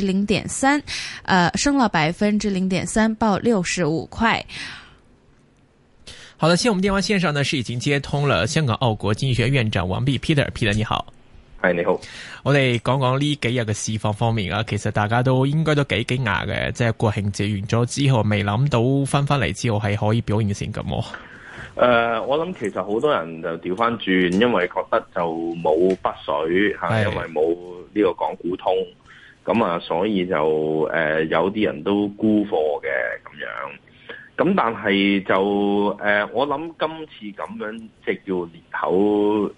零點三，呃，升了百分之零點三，報六十五塊。好的，先我們電話線上呢是已經接通了香港奧國經濟學院院長王弼 Peter，Peter Peter，你好，係你好。我哋講講呢幾日嘅市況方面啊，其實大家都應該都幾驚訝嘅，即係國慶節完咗之後，未諗到翻翻嚟之後係可以表現成咁。誒、呃，我諗其實好多人就調翻轉，因為覺得就冇北水吓，因為冇呢個港股通。咁、嗯、啊，所以就誒、呃、有啲人都沽貨嘅咁樣，咁但係就誒、呃、我諗今次咁樣即係叫裂口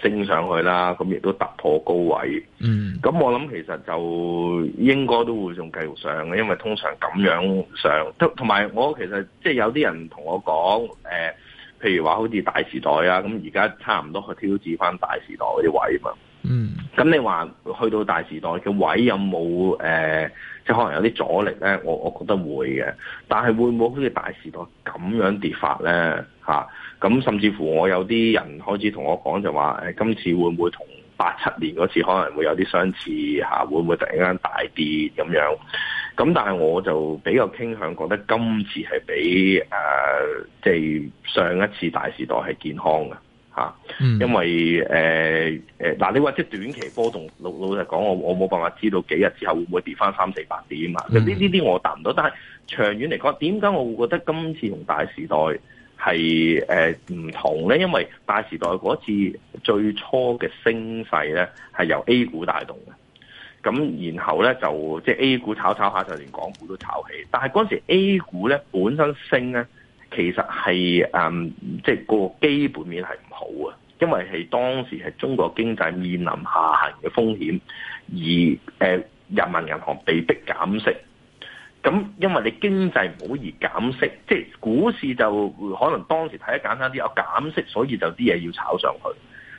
升上去啦，咁亦都突破高位。嗯、咁、嗯、我諗其實就應該都會仲繼續上嘅，因為通常咁樣上，同埋我其實即係有啲人同我講誒、呃、譬如話好似大時代啊，咁而家差唔多去挑戰翻大時代嗰啲位啊嘛。嗯，咁你話去到大時代嘅位有冇誒、呃，即係可能有啲阻力咧？我我覺得會嘅，但係會唔會好似大時代咁樣跌法咧吓。咁、啊、甚至乎我有啲人開始同我講就話，誒、呃、今次會唔會同八七年嗰次可能會有啲相似吓、啊？會唔會突然間大跌咁樣？咁但係我就比較傾向覺得今次係比誒、呃，即係上一次大時代係健康嘅。因為誒誒嗱，你話即係短期波動，老老實講，我我冇辦法知道幾日之後會唔會跌翻三四百點啊！呢呢啲我答唔到，但係長遠嚟講，點解我會覺得今次同大時代係呃、唔同咧？因為大時代嗰次最初嘅升勢咧，係由 A 股帶動嘅，咁然後咧就即係 A 股炒炒下，就連港股都炒起。但係嗰時 A 股咧本身升咧，其實係、嗯、即係個基本面係。冇啊，因為係當時係中國經濟面臨下行嘅風險，而誒人民銀行被迫減息，咁因為你經濟唔好而減息，即係股市就可能當時睇得簡單啲，有減息，所以就啲嘢，要炒上去。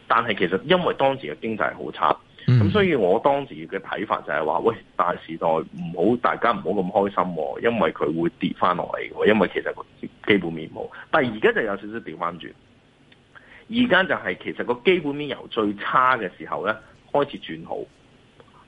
但係其實因為當時嘅經濟好差，咁、嗯、所以我當時嘅睇法就係話，喂，大時代唔好，大家唔好咁開心，因為佢會跌翻落嚟，因為其實基本面冇。但係而家就有少少調翻轉。而家就係其實個基本面由最差嘅時候咧開始轉好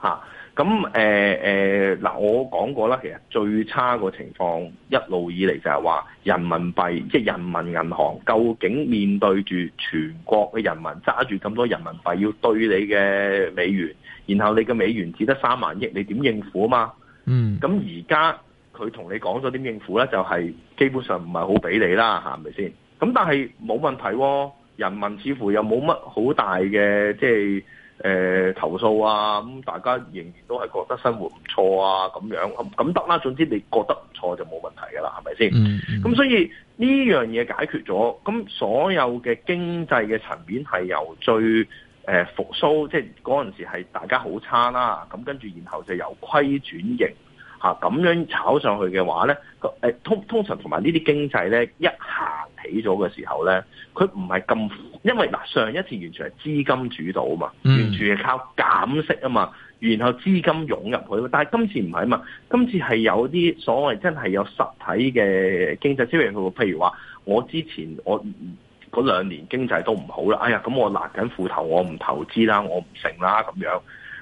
嚇咁誒誒嗱，我講過啦，其實最差個情況一路以嚟就係話人民幣即係人民銀行究竟面對住全國嘅人民揸住咁多人民幣要對你嘅美元，然後你嘅美元只得三萬億，你點應付啊？嘛，嗯，咁而家佢同你講咗點應付咧，就係基本上唔係好俾你啦，嚇，係咪先？咁但係冇問題喎。人民似乎又冇乜好大嘅即係誒、呃、投訴啊，咁大家仍然都係覺得生活唔錯啊，咁樣咁得啦。總之你覺得唔錯就冇問題㗎啦，係咪先？咁、嗯嗯、所以呢樣嘢解決咗，咁所有嘅經濟嘅層面係由最誒、呃、復甦，即係嗰陣時係大家好差啦，咁跟住然後就由虧轉型。咁、啊、樣炒上去嘅話咧，通通常同埋呢啲經濟咧一行起咗嘅時候咧，佢唔係咁，因為嗱上一次完全係資金主導啊嘛，完全係靠減息啊嘛，然後資金湧入去，但係今次唔係啊嘛，今次係有啲所謂真係有實體嘅經濟支援佢，譬如話我之前我嗰兩年經濟都唔好啦，哎呀咁我攔緊褲頭，我唔投資啦，我唔成啦咁樣。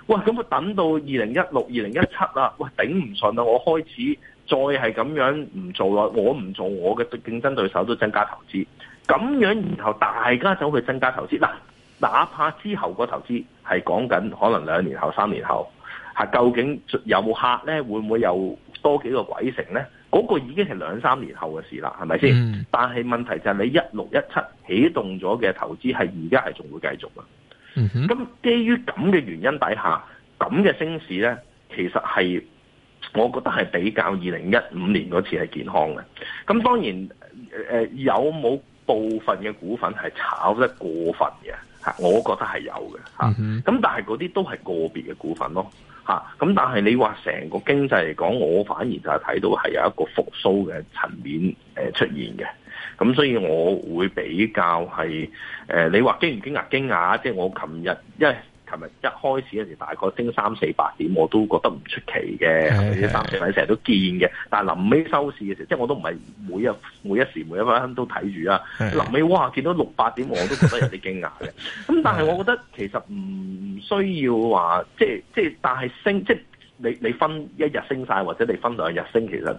哇！咁我等到二零一六、二零一七啦，哇！頂唔順啦，我開始再係咁樣唔做啦，我唔做，我嘅競爭對手都增加投資，咁樣然後大家走去增加投資，嗱，哪怕之後個投資係講緊可能兩年後、三年後，究竟有冇客咧？會唔會有多幾個鬼城咧？嗰個已經係兩三年後嘅事啦，係咪先？但係問題就係你一六一七起動咗嘅投資係而家係仲會繼續啊！咁，基於咁嘅原因底下，咁嘅升市咧，其實係我覺得係比較二零一五年嗰次係健康嘅。咁當然，呃、有冇部分嘅股份係炒得過分嘅？嚇、我覺得係有嘅。嚇、mm-hmm. 啊，咁但係嗰啲都係個別嘅股份咯。嚇、啊，咁但係你話成個經濟嚟講，我反而就係睇到係有一個復蘇嘅層面呃出現嘅。咁所以我會比較係誒、呃，你話驚唔驚，驚訝？驚訝即係我琴日，因為琴日一開始嗰時大概升三四百點，我都覺得唔出奇嘅。係，係三四百成日都見嘅，但係臨尾收市嘅時候，即係我都唔係每日每一時每一分都睇住啊。係。臨尾哇，見到六百點，我都覺得有啲驚訝嘅。咁 但係我覺得其實唔需要話，即係即係，但係升即係你你分一日升晒，或者你分兩日升，其實。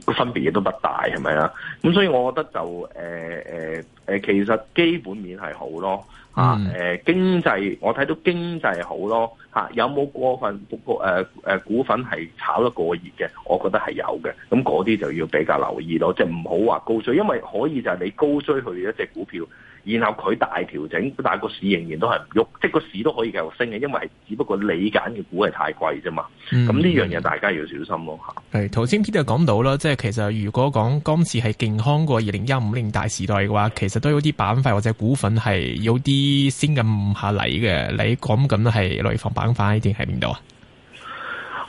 分別亦都不大，係咪啊？咁所以我覺得就誒誒誒，其實基本面係好咯，啊、呃、誒，經濟我睇到經濟好咯。啊、有冇過份？不過、啊、股份係炒得過熱嘅，我覺得係有嘅。咁嗰啲就要比較留意咯，即係唔好話高追，因為可以就係你高追去一隻股票，然後佢大調整，但係個市仍然都係唔喐，即係個市都可以繼續升嘅，因為只不過你揀嘅股係太貴啫嘛。咁、嗯、呢樣嘢大家要小心咯嚇。係頭先 Peter 講到啦，即係其實如果講今次係健康過二零一五年大時代嘅話，其實都有啲板塊或者股份係有啲先咁下嚟嘅。你講緊係內房啲喺邊度啊？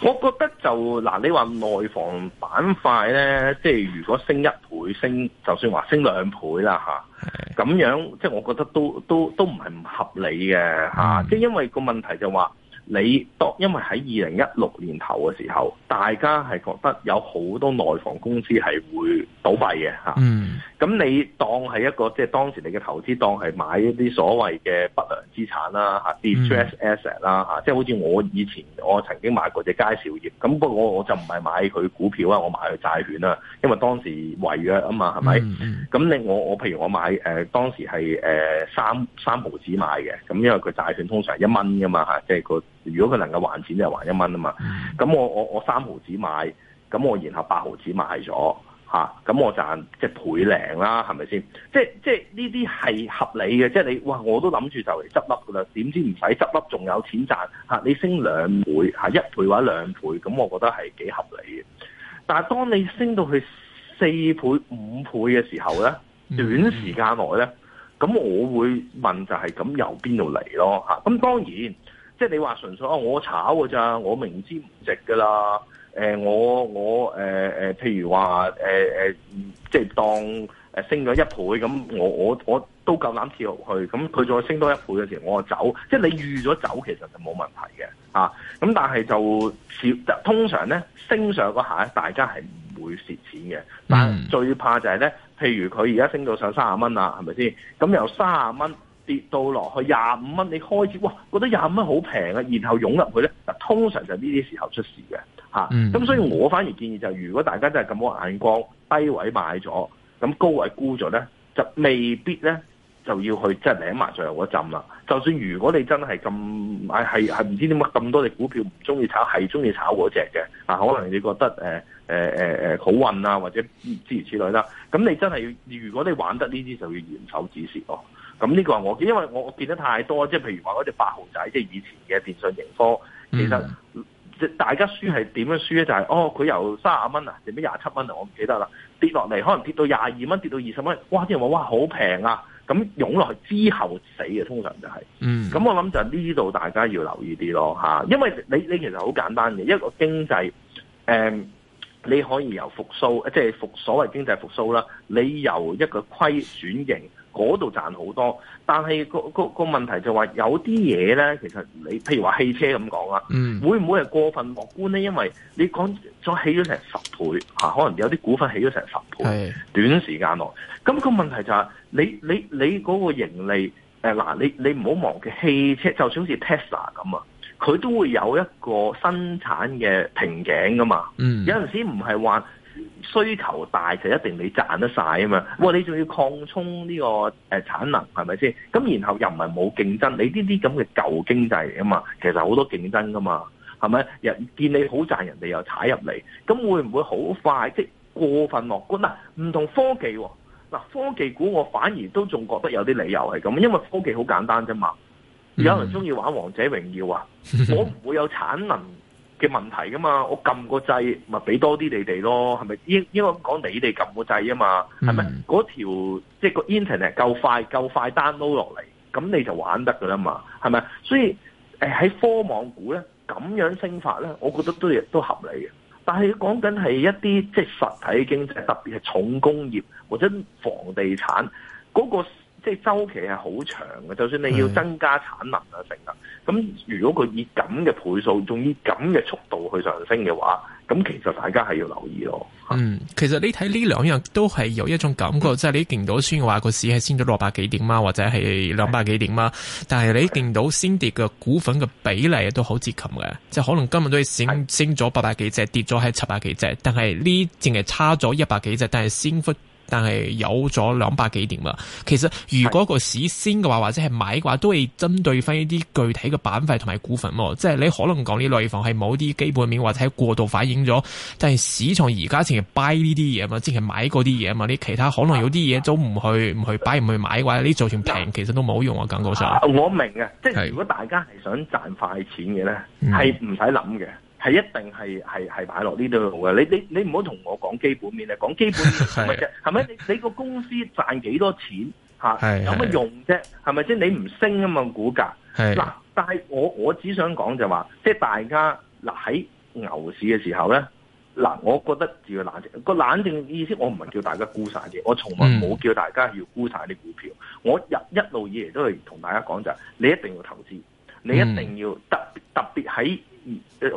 我覺得就嗱，你話內房板塊咧，即係如果升一倍升，就算話升兩倍啦吓，咁樣即係我覺得都都都唔係唔合理嘅吓，即、嗯、係因為個問題就話、是、你當因為喺二零一六年頭嘅時候，大家係覺得有好多內房公司係會倒閉嘅吓。嗯咁你當係一個即係當時你嘅投資，當係買一啲所謂嘅不良資產啦，嚇 distressed asset 啦，即係好似我以前我曾經買過隻佳兆業，咁不過我我就唔係買佢股票啊，我買佢債券啊，因為當時違約啊嘛，係咪？咁、嗯嗯、你我我譬如我買誒、呃、當時係誒三三毫紙買嘅，咁因為佢債券通常一蚊噶嘛、啊、即係個如果佢能夠還錢就係、還一蚊啊嘛，咁、嗯、我我我三毫紙買，咁我然後八毫紙買咗。啊，咁我賺即係倍零啦，係咪先？即係即係呢啲係合理嘅，即係你哇，我都諗住就嚟執笠噶啦，點知唔使執笠，仲有錢賺嚇？你升兩倍嚇一倍或者兩倍，咁我覺得係幾合理嘅。但係當你升到去四倍、五倍嘅時候咧，短時間內咧，咁我會問就係、是、咁由邊度嚟咯嚇？咁、啊、當然即係你話純粹我炒噶咋，我明知唔值噶啦。誒、欸、我我誒、欸、譬如話誒誒，即係當升咗一倍咁，我我我都夠膽跳落去。咁佢再升多一倍嘅時候，我就走。即係你預咗走，其實就冇問題嘅嚇。咁、啊、但係就少，通常咧升上個下，大家係唔會蝕錢嘅。但最怕就係咧，譬如佢而家升到上卅蚊啦，係咪先？咁、嗯、由卅蚊，跌到落去廿五蚊，你開始哇，覺得廿五蚊好平啊，然後湧入去咧，嗱，通常就呢啲時候出事嘅嚇。咁、嗯啊、所以我反而建議就係，如果大家真係咁好眼光，低位買咗，咁高位沽咗咧，就未必咧就要去即係舐埋再入嗰浸啦。就算如果你真係咁係係唔知點乜咁多隻股票唔中意炒，係中意炒嗰隻嘅啊，可能你覺得誒誒誒誒好運啊，或者諸如此類啦。咁你真係要如果你玩得呢啲就要嚴守止蝕哦。咁呢個我，因為我我見得太多，即係譬如話嗰隻八號仔，即係以前嘅電信盈科，其實大家輸係點樣輸咧？就係、是、哦，佢由卅啊蚊啊，定咩廿七蚊啊，我唔記得啦，跌落嚟可能跌到廿二蚊，跌到二十蚊，哇！啲人話哇好平啊，咁湧落去之後死嘅，通常就係、是，咁、嗯、我諗就呢度大家要留意啲咯吓，因為你你其實好簡單嘅一個經濟，誒、嗯。你可以由復甦，即係復所謂經濟復甦啦。你由一個虧轉盈嗰度賺好多。但係個個個問題就話有啲嘢咧，其實你譬如話汽車咁講啊，會唔會係過分樂觀咧？因為你講再起咗成十倍嚇、啊，可能有啲股份起咗成十倍，短時間內。咁、個問題就係、是、你你你嗰個盈利誒嗱、呃，你你唔好忘記汽車，就算好似 Tesla 咁啊。佢都會有一個生產嘅瓶頸噶嘛，嗯、有陣時唔係話需求大就一定你賺得晒啊嘛。哇！你仲要擴充呢、呢個誒、呃、產能係咪先？咁然後又唔係冇競爭，你呢啲咁嘅舊經濟嚟啊嘛，其實好多競爭噶嘛，係咪？人見你好賺，人哋又踩入嚟，咁會唔會好快即過分樂觀啊？唔同科技嗱、哦，科技股我反而都仲覺得有啲理由係咁，因為科技好簡單啫嘛。有人中意玩《王者榮耀》啊，我唔會有產能嘅問題噶嘛，我撳個掣咪俾多啲你哋咯，係咪？應應該講你哋撳個掣啊嘛，係咪？嗰條即係、就是、個 internet 夠快，夠快 download 落嚟，咁你就玩得噶啦嘛，係咪？所以誒喺科網股咧咁樣升法咧，我覺得都亦都合理嘅。但係講緊係一啲即係實體的經濟，特別係重工業或者房地產嗰、那個。即係周期係好長嘅，就算你要增加產能啊成啊，咁、嗯、如果佢以咁嘅倍數，仲以咁嘅速度去上升嘅話，咁其實大家係要留意咯。嗯，其實你睇呢兩樣都係有一種感覺，嗯、即係你見到先話個市係升咗六百幾點嘛，或者係兩百幾點嘛，但係你見到先跌嘅股份嘅比例都好接近嘅，即係可能今日都係升是升咗八百幾隻，跌咗係七百幾隻，但係呢淨係差咗一百幾隻，但係先闊。但係有咗兩百幾點啦，其實如果個市先嘅話，或者係買嘅話，都係針對翻呢啲具體嘅板塊同埋股份，即係你可能講呢內房係冇啲基本面，或者係過度反映咗，但係市場而家淨係 buy 呢啲嘢嘛，淨係買嗰啲嘢啊嘛，你其他可能有啲嘢都唔去唔去，buy 唔去買嘅話，你就算平，其實都冇用啊，感覺上，我明啊，即係如果大家係想賺快錢嘅咧，係唔使諗嘅。嗯係一定係係係擺落呢度嘅，你你你唔好同我講基本面啊，講基本面係咪？ 你你個公司賺幾多錢吓、啊，有乜用啫？係咪先？你唔升啊嘛，股價。係嗱，但係我我只想講就話，即係大家嗱喺牛市嘅時候咧，嗱，我覺得自要冷靜。個冷靜嘅意思，我唔係叫大家沽晒嘅，我從來冇叫大家要沽晒啲股票。嗯、我一一路以嚟都係同大家講就係，你一定要投資，你一定要特、嗯、特別喺。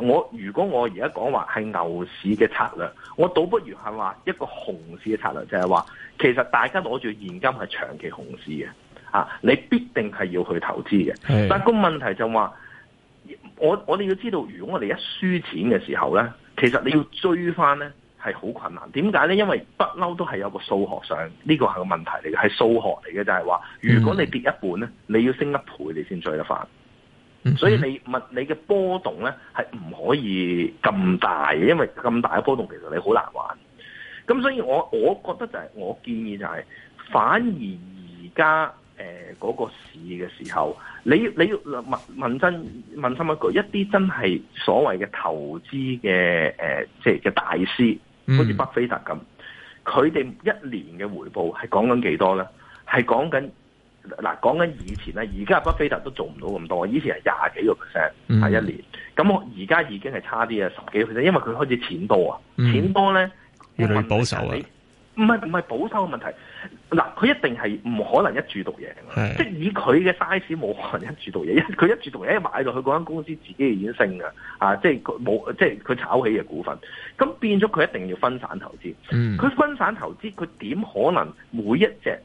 我如果我而家講話係牛市嘅策略，我倒不如係話一個熊市嘅策略就係，就係話其實大家攞住現金係長期熊市嘅，啊，你必定係要去投資嘅。但個問題就話，我我哋要知道，如果我哋一輸錢嘅時候呢，其實你要追翻呢係好、嗯、困難。點解呢？因為不嬲都係有個數學上呢、呢個係個問題嚟嘅，係數學嚟嘅，就係話如果你跌一半呢、嗯，你要升一倍你先追得翻。 所以你物你嘅波動咧係唔可以咁大嘅，因為咁大嘅波動其實你好難玩。咁所以我我覺得就係、是、我建議就係、是，反而而家誒嗰個市嘅時候，你你要問問真問真一句，一啲真係所謂嘅投資嘅誒、呃，即係嘅大師，好似巴菲特咁，佢哋 一年嘅回報係講緊幾多咧？係講緊。嗱，講緊以前咧，而家巴菲特都做唔到咁多。以前係廿幾個 percent 喺一年，咁我而家已經係差啲啊十幾個 percent，因為佢開始錢多啊、嗯，錢多咧越嚟保守問題。唔係唔係保守嘅問題，嗱，佢一定係唔可能一注獨贏，即係以佢嘅 size 冇可能一注獨贏，佢一注獨贏買落去嗰間公司自己已經升嘅，啊，即係冇即係佢炒起嘅股份，咁變咗佢一定要分散投資。佢、嗯、分散投資，佢點可能每一隻？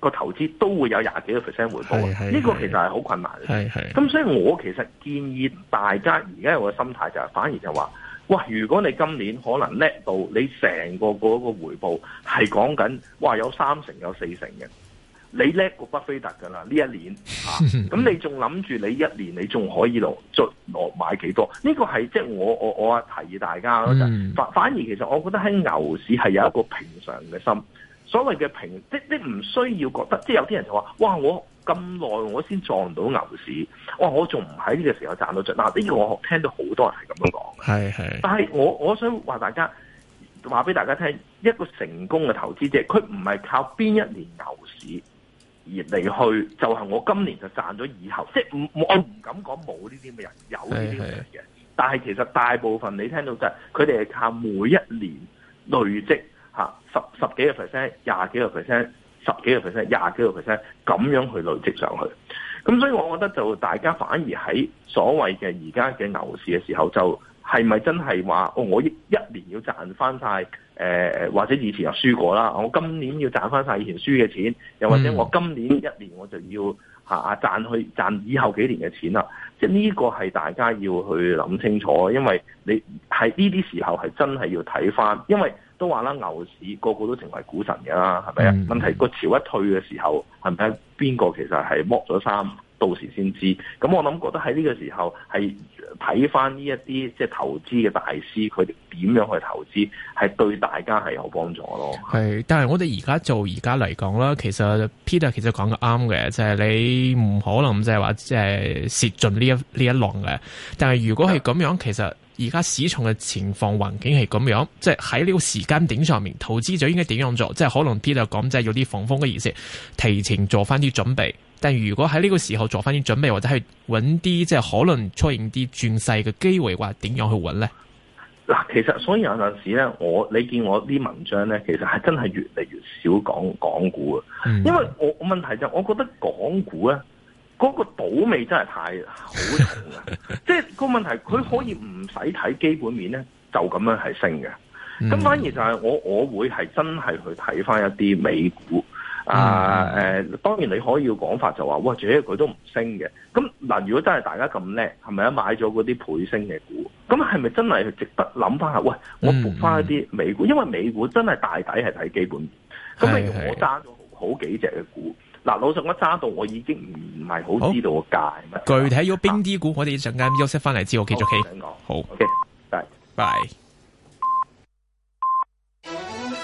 個投資都會有廿幾個 percent 回報，呢個其實係好困難嘅。嘅。咁所以我其實建議大家而家有個心態就係、是，反而就話，哇！如果你今年可能叻到你成個嗰個回報係講緊，哇！有三成有四成嘅，你叻過巴菲特噶啦呢一年。咁、 啊、你仲諗住你一年你仲可以落再落買幾多？呢、這個係即係我我我啊提議大家反、嗯、反而其實我覺得喺牛市係有一個平常嘅心。所謂嘅平，即你唔需要覺得，即有啲人就話：哇！我咁耐我先撞到牛市，哇！我仲唔喺呢個時候賺到著。嗱、啊，呢個我聽到好多人係咁樣講。係係。但係我我想話大家話俾大家聽，一個成功嘅投資者，佢唔係靠邊一年牛市而嚟去，就係、係、我今年就賺咗以後。即唔我唔敢講冇呢啲咁嘅人，有呢啲咁嘅人嘅。係係，但係其實大部分你聽到就係佢哋係靠每一年累積。啊！十十幾個 percent，廿幾個 percent，十幾個 percent，廿幾個 percent，咁樣去累積上去。咁所以，我覺得就大家反而喺所謂嘅而家嘅牛市嘅時候，就係咪真係話哦？我一年要賺翻晒，誒、呃，或者以前又輸過啦。我今年要賺翻晒以前輸嘅錢，又或者我今年一年我就要嚇賺去賺以後幾年嘅錢啦。即係呢個係大家要去諗清楚，因為你喺呢啲時候係真係要睇翻，因為。都話啦，牛市個個都成為股神嘅啦，係咪啊？問題，個潮一退嘅時候，係咪邊個其實係剝咗衫？到時先知。咁我諗覺得喺呢個時候係睇返呢一啲即係投資嘅大師，佢哋點樣去投資，係對大家係有幫助咯。係，但係我哋而家做而家嚟講啦，其實 Peter 其實講得啱嘅，就係、是、你唔可能即係話即係蝕盡呢一呢一浪嘅。但係如果係咁樣，其實而家市場嘅情況環境係咁樣，即係喺呢個時間點上面，投資者應該點樣做？即係可能啲就講，即係有啲防風嘅意識，提前做翻啲準備。但如果喺呢個時候做翻啲準備，或者係揾啲即係可能出現啲轉勢嘅機會或話，點樣去揾咧？嗱，其實所以有陣時咧，我你見我啲文章咧，其實係真係越嚟越少講港股啊，因為我我問題就我覺得港股咧。嗰、那個賭味真係太好重啦！啊、 即係、那個問題，佢可以唔使睇基本面咧，就咁樣係升嘅。咁反而就係我，我會係真係去睇翻一啲美股、嗯、啊、呃。當然你可以講法就話、嘩，或者佢都唔升嘅。咁嗱、呃，如果真係大家咁叻，係咪啊買咗嗰啲倍升嘅股？咁係咪真係值得諗翻下？喂，我撥翻一啲美股、嗯，因為美股真係大底係睇基本面。咁、嗯、你如我揸咗好，好幾隻嘅股。嗱，老實講揸到，我已經唔係好知道個價係咩。具體要邊啲股，啊、我哋陣間休息翻嚟之後繼續傾。好，好，OK，拜拜。